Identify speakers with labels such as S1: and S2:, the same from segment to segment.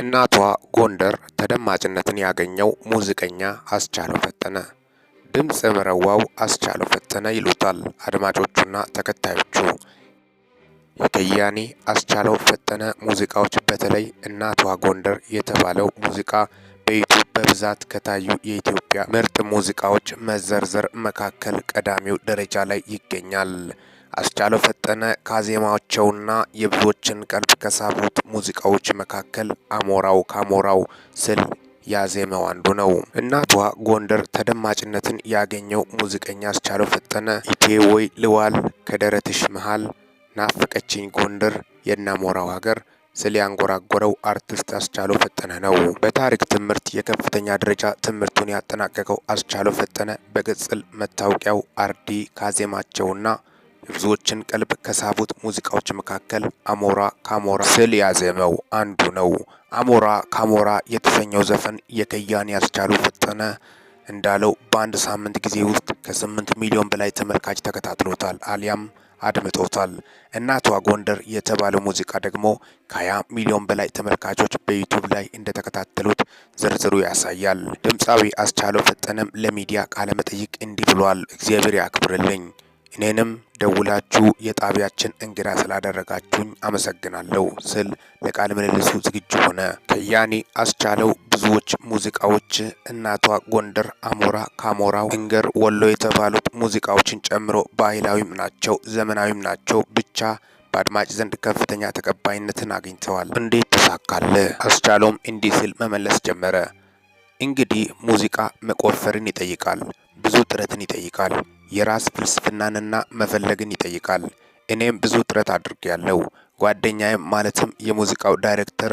S1: እናቷ ጎንደር ተደማጭነትን ያገኘው ሙዚቀኛ አስቻለው ፈጠነ ድምፅ ምረዋው አስቻለው ፈጠነ ይሉታል አድማጮቹና ተከታዮቹ። የከያኔ አስቻለው ፈጠነ ሙዚቃዎች በተለይ እናቷ ጎንደር የተባለው ሙዚቃ በዩቲዩብ በብዛት ከታዩ የኢትዮጵያ ምርጥ ሙዚቃዎች መዘርዘር መካከል ቀዳሚው ደረጃ ላይ ይገኛል። አስቻለው ፈጠነ ካዜማቸውና የብዙዎችን ቀልብ ከሳቡት ሙዚቃዎች መካከል አሞራው ካሞራው ስል ያዜመው አንዱ ነው። እናቷ ጎንደር ተደማጭነትን ያገኘው ሙዚቀኛ አስቻለው ፈጠነ ኢቴ ወይ ልዋል ከደረትሽ መሃል ናፈቀችኝ ጎንደር የናሞራው ሀገር ስል ያንጎራጎረው አርቲስት አስቻለው ፈጠነ ነው። በታሪክ ትምህርት የከፍተኛ ደረጃ ትምህርቱን ያጠናቀቀው አስቻለው ፈጠነ በቅጽል መታወቂያው አርዲ ካዜማቸውና የብዙዎችን ቀልብ ከሳቡት ሙዚቃዎች መካከል አሞራ ካሞራ ስል ያዘመው አንዱ ነው። አሞራ ካሞራ የተሰኘው ዘፈን የከያን ያስቻሉ ፈጠነ እንዳለው በአንድ ሳምንት ጊዜ ውስጥ ከስምንት ሚሊዮን በላይ ተመልካች ተከታትሎታል አሊያም አድምጦታል። እናቷ ጎንደር የተባለው ሙዚቃ ደግሞ ከ20 ሚሊዮን በላይ ተመልካቾች በዩቱብ ላይ እንደተከታተሉት ዝርዝሩ ያሳያል። ድምፃዊ አስቻለው ፈጠነም ለሚዲያ ቃለመጠይቅ እንዲህ ብሏል። እግዚአብሔር ያክብርልኝ እኔንም ደውላችሁ የጣቢያችን እንግዳ ስላደረጋችሁኝ አመሰግናለሁ ስል ለቃለ ምልልሱ ዝግጁ ሆነ። ከያኒ አስቻለው ብዙዎች ሙዚቃዎች እናቷ ጎንደር፣ አሞራ፣ ካሞራው፣ እንገር፣ ወሎ የተባሉት ሙዚቃዎችን ጨምሮ ባህላዊም ናቸው፣ ዘመናዊም ናቸው ብቻ በአድማጭ ዘንድ ከፍተኛ ተቀባይነትን አግኝተዋል። እንዴት ተሳካለ? አስቻለውም እንዲህ ሲል መመለስ ጀመረ። እንግዲህ ሙዚቃ መቆፈርን ይጠይቃል፣ ብዙ ጥረትን ይጠይቃል፣ የራስ ፍልስፍናንና መፈለግን ይጠይቃል። እኔም ብዙ ጥረት አድርጌያለሁ። ጓደኛዬም ማለትም የሙዚቃው ዳይሬክተር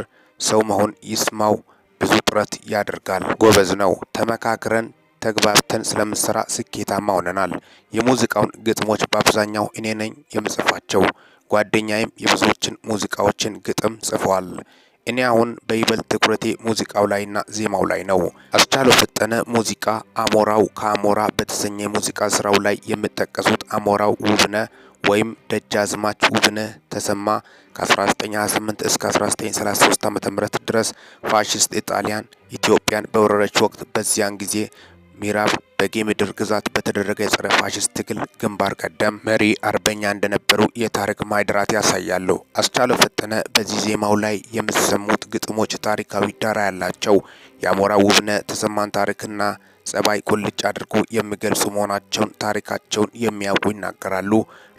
S1: ሰው መሆን ይስማው ብዙ ጥረት ያደርጋል። ጎበዝ ነው። ተመካክረን ተግባብተን ስለምንሰራ ስኬታማ ሆነናል። የሙዚቃውን ግጥሞች በአብዛኛው እኔ ነኝ የምጽፋቸው። ጓደኛዬም የብዙዎችን ሙዚቃዎችን ግጥም ጽፏል። እኔ አሁን በይበልጥ ትኩረቴ ሙዚቃው ላይና ዜማው ላይ ነው። አስቻለው ፈጠነ ሙዚቃ አሞራው ከአሞራ በተሰኘ የሙዚቃ ስራው ላይ የምጠቀሱት አሞራው ውብነ ወይም ደጃዝማች ውብነ ተሰማ ከ1928 እስከ 1933 ዓ.ም ድረስ ፋሽስት ኢጣሊያን ኢትዮጵያን በወረረች ወቅት በዚያን ጊዜ ምዕራብ በጌምድር ግዛት በተደረገ የጸረ ፋሽስት ትግል ግንባር ቀደም መሪ አርበኛ እንደነበሩ የታሪክ ማህደራት ያሳያሉ። አስቻለው ፈጠነ በዚህ ዜማው ላይ የምትሰሙት ግጥሞች ታሪካዊ ዳራ ያላቸው የአሞራ ውብነ ተሰማን ታሪክና ጸባይ ቁልጭ አድርጎ የሚገልጹ መሆናቸውን ታሪካቸውን የሚያውቁ ይናገራሉ።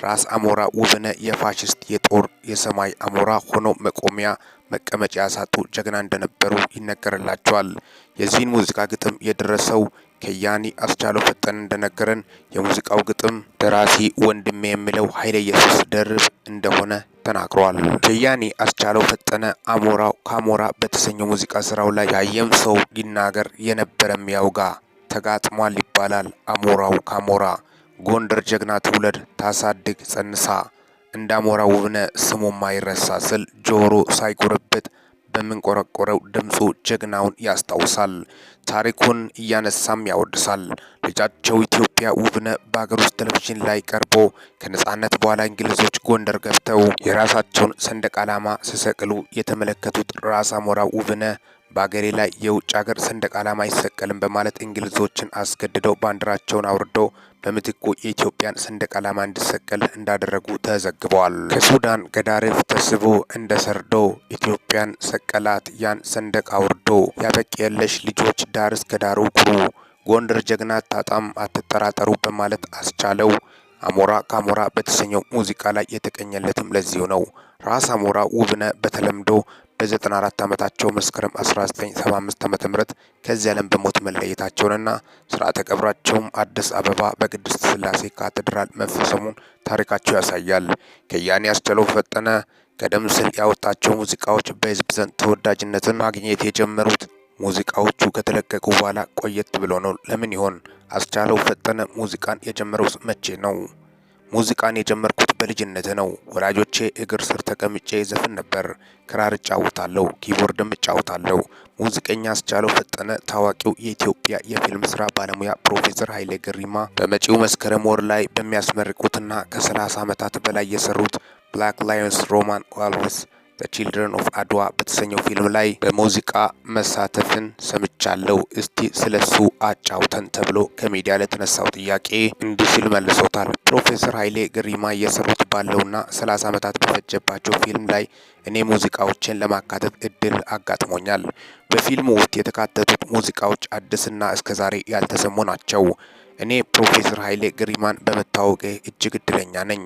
S1: ራስ አሞራ ውብነ የፋሽስት የጦር የሰማይ አሞራ ሆኖ መቆሚያ መቀመጫ ያሳጡ ጀግና እንደነበሩ ይነገርላቸዋል። የዚህን ሙዚቃ ግጥም የደረሰው ከያኒ አስቻለው ፈጠን እንደነገረን የሙዚቃው ግጥም ደራሲ ወንድሜ የሚለው ኃይለ ኢየሱስ ደርብ እንደሆነ ተናግሯል። ከያኒ አስቻለው ፈጠነ አሞራው ከአሞራ በተሰኘው ሙዚቃ ስራው ላይ ያየም ሰው ይናገር የነበረም ያውጋ ተጋጥሟል ይባላል አሞራው ከአሞራ ጎንደር ጀግና ትውለድ ታሳድግ ጸንሳ እንደ ውብነ ስሙ ማይረሳ ስል ጆሮ ሳይጎረብት በምንቆረቆረው ድምፁ ጀግናውን ያስታውሳል፣ ታሪኩን እያነሳም ያወድሳል። ልጃቸው ኢትዮጵያ ውብነ በሀገር ውስጥ ቴሌቪዥን ላይ ቀርቦ ከነጻነት በኋላ እንግሊዞች ጎንደር ገብተው የራሳቸውን ሰንደቅ ዓላማ ሲሰቅሉ የተመለከቱት ራስ አሞራ ውብነ በአገሬ ላይ የውጭ ሀገር ሰንደቅ ዓላማ አይሰቀልም በማለት እንግሊዞችን አስገድደው ባንዲራቸውን አውርደው በምትኩ የኢትዮጵያን ሰንደቅ ዓላማ እንዲሰቀል እንዳደረጉ ተዘግበዋል። ከሱዳን ገዳሪፍ ተስቦ እንደ ሰርዶ ኢትዮጵያን ሰቀላት ያን ሰንደቅ አውርዶ ያበቂ የለሽ ልጆች ዳር እስከ ዳሩ ኩሩ ጎንደር ጀግና አታጣም አትጠራጠሩ በማለት አስቻለው አሞራ ከአሞራ በተሰኘው ሙዚቃ ላይ የተቀኘለትም ለዚሁ ነው። ራስ አሞራ ውብነ በተለምዶ በ94 ዓመታቸው መስከረም 1975 ዓ ም ከዚህ ዓለም በሞት መለየታቸውንና ስርዓተ ቀብራቸውም አዲስ አበባ በቅድስት ስላሴ ካቴድራል መፈጸሙን ታሪካቸው ያሳያል። ከያኔ አስቻለው ፈጠነ ቀደም ሲል ያወጣቸው ሙዚቃዎች በህዝብ ዘንድ ተወዳጅነትን ማግኘት የጀመሩት ሙዚቃዎቹ ከተለቀቁ በኋላ ቆየት ብሎ ነው። ለምን ይሆን? አስቻለው ፈጠነ ሙዚቃን የጀመረው መቼ ነው? ሙዚቃን የጀመርኩት በልጅነት ነው። ወላጆቼ እግር ስር ተቀምጬ ይዘፍን ነበር። ክራር እጫወታለሁ፣ ኪቦርድም እጫወታለሁ። ሙዚቀኛ አስቻለው ፈጠነ ታዋቂው የኢትዮጵያ የፊልም ስራ ባለሙያ ፕሮፌሰር ኃይሌ ገሪማ በመጪው መስከረም ወር ላይ በሚያስመርቁትና ከ30 ዓመታት በላይ የሰሩት ብላክ ላዮንስ ሮማን ኦልዌስ ቺልድረን ኦፍ አድዋ በተሰኘው ፊልም ላይ በሙዚቃ መሳተፍን ሰምቻለሁ፣ እስቲ ስለሱ አጫውተን ተብሎ ከሚዲያ ለተነሳው ጥያቄ እንዲህ ሲል መልሶታል። ፕሮፌሰር ኃይሌ ግሪማ እየሰሩት ባለውና ሰላሳ ዓመታት በፈጀባቸው ፊልም ላይ እኔ ሙዚቃዎችን ለማካተት እድል አጋጥሞኛል። በፊልሙ ውስጥ የተካተቱት ሙዚቃዎች አዲስና እስከዛሬ ያልተሰሙ ናቸው። እኔ ፕሮፌሰር ኃይሌ ግሪማን በመታወቄ እጅግ እድለኛ ነኝ።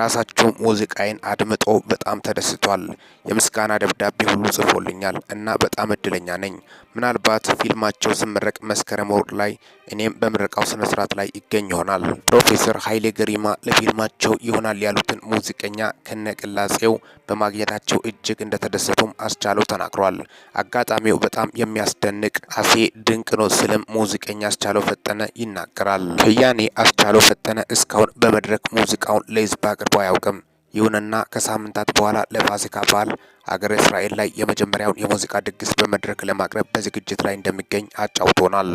S1: ራሳቸው ሙዚቃዬን አድምጦ በጣም ተደስቷል። የምስጋና ደብዳቤ ሁሉ ጽፎልኛል እና በጣም እድለኛ ነኝ። ምናልባት ፊልማቸው ስመረቅ መስከረም ወር ላይ እኔም በምረቃው ስነ ስርዓት ላይ ይገኝ ይሆናል። ፕሮፌሰር ኃይሌ ግሪማ ለፊልማቸው ይሆናል ያሉትን ሙዚቀኛ ከነቅላጼው በማግኘታቸው እጅግ እንደተደሰቱም አስቻለው ተናግሯል። አጋጣሚው በጣም የሚያስደንቅ አሴ ድንቅ ነው ስልም ሙዚቀኛ አስቻለው ፈጠነ ይናገራል። ተናግረዋል። ከያኔ አስቻለው ፈጠነ እስካሁን በመድረክ ሙዚቃውን ለህዝብ አቅርቦ አያውቅም። ይሁንና ከሳምንታት በኋላ ለፋሲካ በዓል አገረ እስራኤል ላይ የመጀመሪያውን የሙዚቃ ድግስ በመድረክ ለማቅረብ በዝግጅት ላይ እንደሚገኝ አጫውቶናል።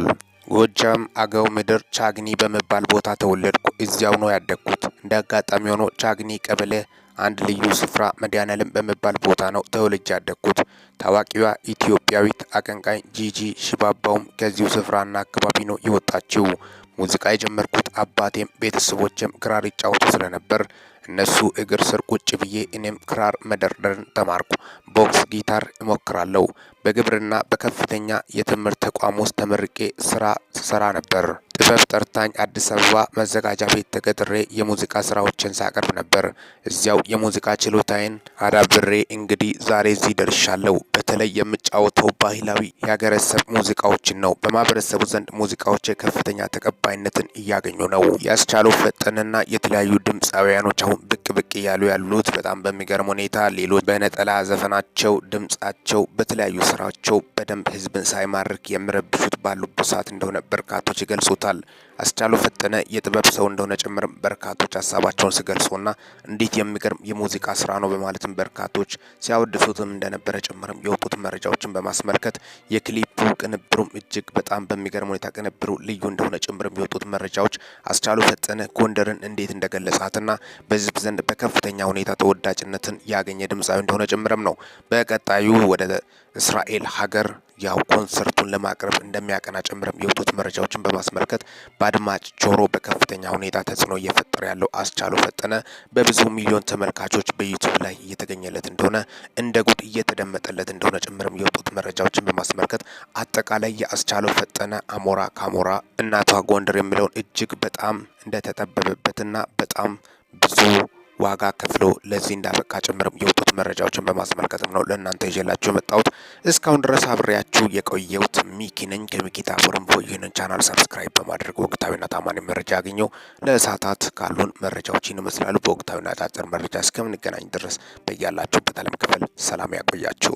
S1: ጎጃም አገው ምድር ቻግኒ በመባል ቦታ ተወለድኩ። እዚያው ነው ያደግኩት። እንደ አጋጣሚ ሆኖ ቻግኒ ቀበሌ አንድ ልዩ ስፍራ መድኃኔዓለም በመባል ቦታ ነው ተወልጄ ያደግኩት። ታዋቂዋ ኢትዮጵያዊት አቀንቃኝ ጂጂ ሽባባውም ከዚሁ ስፍራና አካባቢ ነው የወጣችው። ሙዚቃ የጀመርኩት አባቴም ቤተሰቦቼም ክራር ይጫወቱ ስለነበር እነሱ እግር ስር ቁጭ ብዬ እኔም ክራር መደርደርን ተማርኩ። ቦክስ፣ ጊታር እሞክራለሁ። በግብርና በከፍተኛ የትምህርት ተቋም ውስጥ ተመርቄ ስራ ስሰራ ነበር። ጥበብ ጠርታኝ አዲስ አበባ መዘጋጃ ቤት ተቀጥሬ የሙዚቃ ስራዎችን ሳቀርብ ነበር። እዚያው የሙዚቃ ችሎታዬን አዳብሬ እንግዲህ ዛሬ እዚህ ደርሻለሁ። በተለይ የምጫወተው ባህላዊ የሀገረሰብ ሙዚቃዎችን ነው። በማህበረሰቡ ዘንድ ሙዚቃዎች ከፍተኛ ተቀባይነትን እያገኙ ነው። ያስቻለው ፈጠንና የተለያዩ ድምፃውያኖች አሁን ብቅ ብቅ እያሉ ያሉት በጣም በሚገርም ሁኔታ፣ ሌሎች በነጠላ ዘፈናቸው፣ ድምጻቸው፣ በተለያዩ ስራቸው በደንብ ህዝብን ሳይማርክ የሚረብሹት ባሉበት ሰዓት እንደሆነ በርካቶች ይገልጹታል። ብለውታል። አስቻሉ ፈጠነ የጥበብ ሰው እንደሆነ ጭምር በርካቶች ሀሳባቸውን ሲገልጹና እንዴት የሚገርም የሙዚቃ ስራ ነው በማለትም በርካቶች ሲያወድሱትም እንደነበረ ጭምርም የወጡት መረጃዎችን በማስመልከት የክሊፑ ቅንብሩም እጅግ በጣም በሚገርም ሁኔታ ቅንብሩ ልዩ እንደሆነ ጭምርም የወጡት መረጃዎች አስቻሎ ፈጠነ ጎንደርን እንዴት እንደገለጻትና በህዝብ ዘንድ በከፍተኛ ሁኔታ ተወዳጅነትን ያገኘ ድምፃዊ እንደሆነ ጭምርም ነው። በቀጣዩ ወደ እስራኤል ሀገር ያው ኮንሰርቱን ለማቅረብ እንደሚያቀና ጭምርም የወጡት መረጃዎችን በማስመልከት በአድማጭ ጆሮ በከፍተኛ ሁኔታ ተጽዕኖ እየፈጠረ ያለው አስቻሉ ፈጠነ በብዙ ሚሊዮን ተመልካቾች በዩቱብ ላይ እየተገኘለት እንደሆነ እንደ ጉድ እየተደመጠለት እንደሆነ ጭምርም የወጡት መረጃዎችን በማስመልከት አጠቃላይ የአስቻሉ ፈጠነ አሞራ ካሞራ እናቷ ጎንደር የሚለውን እጅግ በጣም እንደተጠበበበትና በጣም ብዙ ዋጋ ከፍሎ ለዚህ እንዳበቃ ጭምርም የወጡት መረጃዎችን በማስመልከትም ነው ለእናንተ ይዤላችሁ የመጣሁት። እስካሁን ድረስ አብሬያችሁ የቆየሁት ሚኪ ነኝ ከሚኪታ ቦርንቦ። ይህንን ቻናል ሰብስክራይብ በማድረግ ወቅታዊና ታማኒ መረጃ ያገኘው። ለእሳታት ካሉን መረጃዎችን ይመስላሉ። በወቅታዊና አጫጭር መረጃ እስከምንገናኝ ድረስ በያላችሁበት ዓለም ክፍል ሰላም ያቆያችሁ።